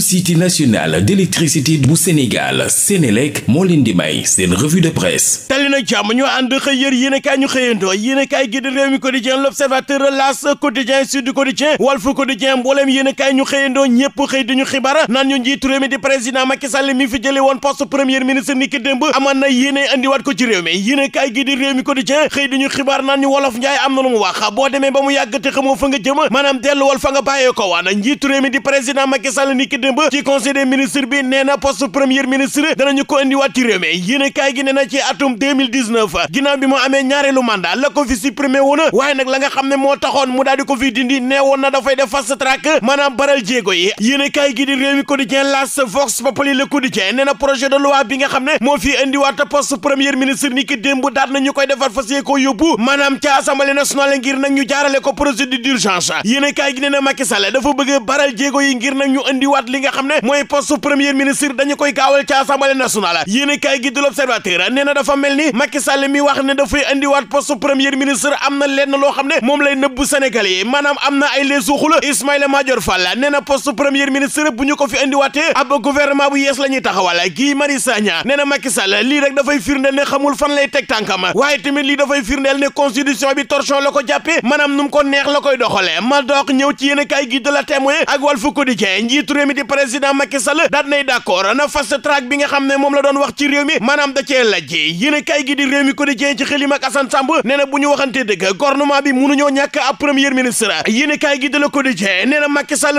société nationale d'électricité bu Sénégal Sénélec moo leen di may seen revue de presse tali na jàmm ñu ànd xëy yër yéenekaay ñu xëyandoo yéenekaay gi di Rewmi Quotidien L'Observateur L'As Quotidien Sud Quotidien Walf Quotidien mbooleem yéenekaay ñu xëyandoo ñépp xëy di ñu xibaar naan ñu njiitu réew mi di président Macky mi fi jële woon poste premier ministre ni démb amaan na yéene andiwaat ko ci réew mi yéenekaay gi di réew mi di démb ci conseil des ministres bi nee na poste premier ministre danañu ko indiwaat ci réew mi yéen gi nee ci atum 2019 bi mu amee ñaareelu mandat la ko fi supprimé woon waaye nag la nga xam ne moo taxoon mu daal ko fi dindi nee woon na dafay def fast track maanaam baral jéego yi yéen kaay gi di réew mi quotidien las vox populi le quotidien nee na projet de loi bi nga xam ne moo fi indiwaat poste premier ministre ni ki démb daat nañu koy defar fas ak li nga xam ne mooy poste premier ministre dañu koy gaawal ci assemblée nationale yéene kaay gi di l'observateur nee na dafa mel ni Macky Sall mi wax ne dafay indiwaat poste premier ministre am na lenn loo xam ne moom lay nëbbu Sénégalais yi maanaam am na ay les uxula Ismaïla Madior Fall nee na poste premier ministre bu ñu ko fi indiwaatee ab gouvernement bu yees la taxawal Guy Marius Sagna nee na Macky lii rek dafay firndeel ne xamul fan lay teg tànkam waaye ne constitution bi torchon la bi di président Macky Sall daat nay d'accord na fast track bi nga xam ne moom la doon wax ci réew mi maanaam da cee lajje yéen a mi quotidien ci xëlim a kaay gi di la quotidien nee na Macky Sall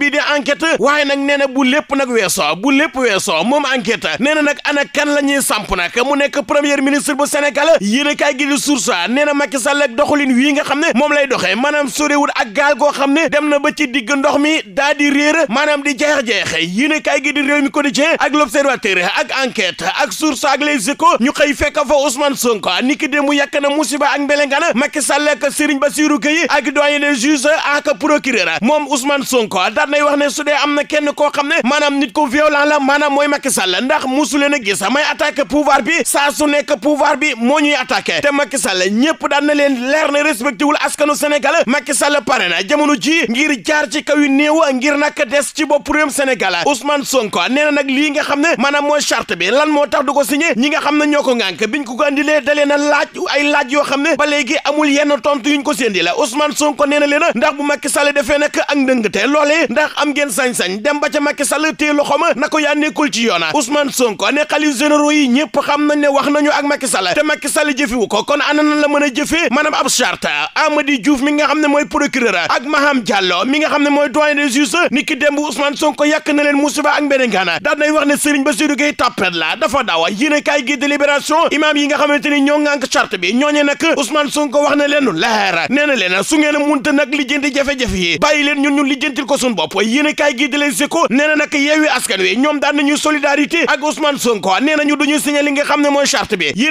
bi di enquête waaye nag nee na bu lépp nag weesoo bu lépp weesoo moom enquête nee na nag ana kan la ñuy samp nag mu nekk premier ministre bu Sénégal yéen a kaay gi di source nee Sall ak doxalin wii nga xam ne moom lay doxee maanaam soriwul ak gaal goo xam ne dem na ba ci digg ndox mi daa di réer maanaam di jeex-jeexe yéene kaay gi di réew mi quotidien ak l'observateur ak enquête ak source ak les échos ñu xëy fekk a fa Ousmane Sonko niki de mu yàkk na musiba ak mbelengana Macky Sall ak Serigne Bassirou Gueye ak doyen des juges ak procureur moom Ousmane Sonko daat nay wax ne su dee am na kenn koo xam ne maanaam nit ko violent la maanaam mooy Macky Sall ndax musu leen a gis may attaqué pouvoir bi saa su nekk bi moo ñuy attaqué te Macky Sall ñëpp daan na leen leer ne respecté wul askanu Sénégal Macky Sall pare na jamono ji ngir jaar ci kaw yu néew ngir nag des ci bopp réewum Sénégal Ousmane Sonko nee na nag lii nga xam ne mooy charte bi lan moo tax du ko signé ñi nga xam ne ñoo ko ŋànk biñ ko ko andilee dalee na laaj ay laaj yoo xam ne ba léegi amul yenn tontu yuñ ko séendi la Ousmane Sonko nee na leen ndax bu Macky Sall defee nag a ndëngte loolee ndax am sañ-sañ dem ba ca Macky Sall téye loxoma na ko yaa nekkul ci yoona Ousmane Sonko ne xalif généraux yi ñëpp xam nañ ne wax nañu ak Macky Sall te Macky ko kon ana nan la mën a jëfee xam ne mooy procureur ak Maham Diallo mi nga justice ni ki démb Ousmane Sonko yàq na leen musiba ak mbedengaana daan nay wax ne Serigne Bassirou Gueye tàppet la dafa daw yéene kaay gi délibération imaam yi nga xamante ni ñoo ngànk charte bi ñooñe nag Ousmane Sonko wax na leen leer nee na leen su ngeen munta nag yi bàyyi leen ñun ñun lijjantil ko suñu bopp yéene kaay gi di Les Échos nee yeewi askan wi ñoom daan nañu solidarité ak Ousmane Sonko nee nañu duñu signé li nga xam ne mooy charte bi yi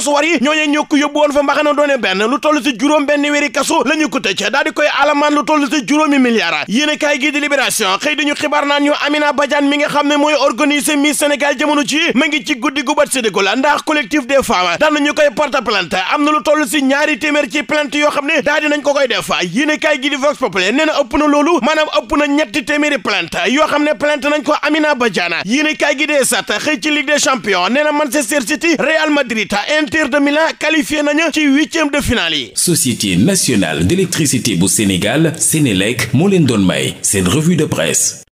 sos-war yi ñooñee ñoo ko fa mbaxana doone benn lu toll si juróom benn wéeri kaso la ñu ko tëj daal di koy alamaan lu toll si juróomi milliards yéen a kaay gii di libération xëy dañu xibaar naan ñu Amina Badiane mi nga xam ne mooy organiser Miss Sénégal jamono ci ma ngi ci guddi gu bat sidiko la ndax collectif des femmes daan nañu koy porte plainte am na lu toll si ñaari téeméer ci plainte yoo xam ne daal di nañ ko koy def yéen a kaay gii di Vox Populi nee na ëpp na loolu maanaam ëpp ne plainte ko Amina Badiane yéen a kaay gi dee sat xëy ci Ligue des champions nee na Manchester City Real l'Inter de Milan qualifié nañu ci huitième de finale yi. Société nationale d'électricité bu Sénégal Sénélec moo leen doon may seen revue de presse.